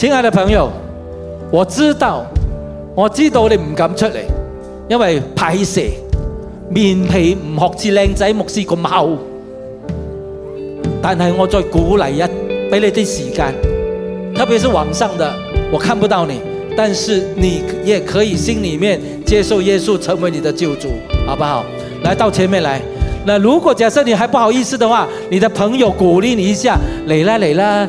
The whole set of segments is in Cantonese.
親愛的朋友，我知道，我知道你唔敢出嚟，因為怕蛇，面皮唔好吃靚仔，目視咁厚。但是我再鼓勵一下，俾你啲時間，特別是網上的，我看不到你，但是你也可以心裏面接受耶穌成為你的救主，好不好？來到前面來，那如果假設你還不好意思的話，你的朋友鼓勵你一下，嚟啦嚟啦。來啦。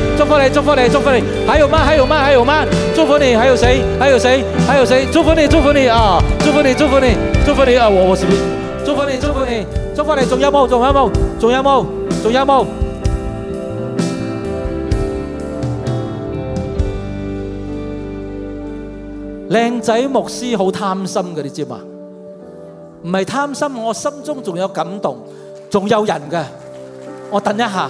祝福，祝福你，祝福你，祝福你！還有嗎？還有嗎？還有嗎？祝福你！還有誰？還有誰？還有誰？祝福你，祝福你啊！祝福你，祝福你，祝福你啊！我我是祝福你，祝福你，祝福你！仲有冇？仲有冇？仲有冇？仲有冇？靚仔牧師好貪心嘅，你知嘛？唔係貪心，我心中仲有感動，仲有人㗎。我等一下。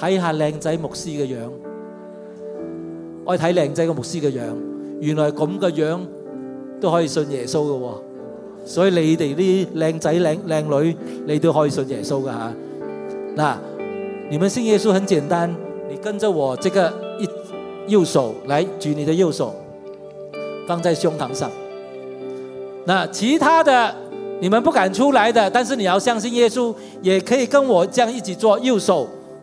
睇下靚仔牧師嘅樣，我睇靚仔嘅牧師嘅樣，原來咁嘅樣都可以信耶穌的喎。所以你哋啲靚仔、靚靚女，你都可以信耶穌嘅吓，嗱。你們信耶穌很簡單，你跟着我，這個一右手，來舉你的右手，放在胸膛上。那其他的你們不敢出來的，但是你要相信耶穌，也可以跟我這樣一起做右手。